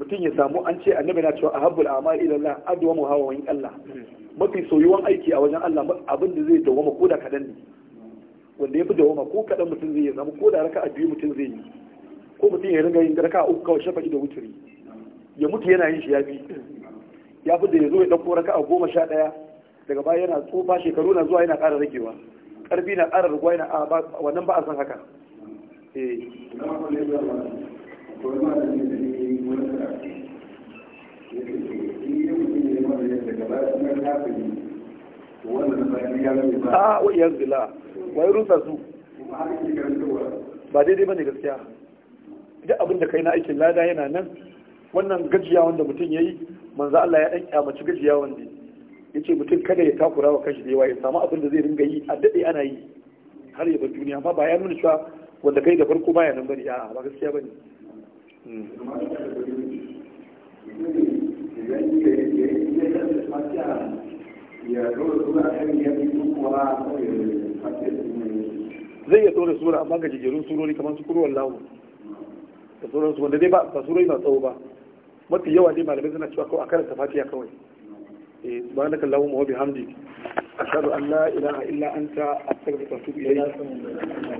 mutum ya samu an ce annabi na cewa ahabbul a'mal ila Allah adwa mu hawa wani Allah mafi soyuwan aiki a wajen Allah abin da zai dawama ko da kadan ne wanda ya fi dawama ko kadan mutum zai samu ko da raka'a biyu mutum zai yi ko mutum ya ringa yin raka'a uku kawai shafa da wuturi ya mutu yana yin shi ya bi ya fi da ya zo ya ɗauko raka'a goma sha ɗaya daga baya yana tsufa shekaru na zuwa yana ƙara ragewa ƙarfi na ƙara ruguwa yana wannan ba a san haka eh. a ah, wa'iyar zila wai rusa su ba daidai ba ne gaskiya duk abin da kai na aikin lada yana nan wannan gajiya wanda mutum ya yi manzo Allah ya dan kyamaci gajiya wanda ya ce mutum kada ya takura wa kashi da yawa ya samu abin da zai ringa yi a daɗe ana yi har ya duniya ma ba ya nuna cewa wanda kai da farko baya nan bari a ba gaskiya ne? zai iya tsoron sura amma ga jijerun surori kamar su kurwan lawo da tsoron su wanda dai ba surori ba tsawo ba mafi yawa dai malamai suna cewa kawai a karanta fatiya kawai eh subhanaka mawabi hamdi a shaɗu an la ilaha illa an anta astaghfiruka wa atubu ilayk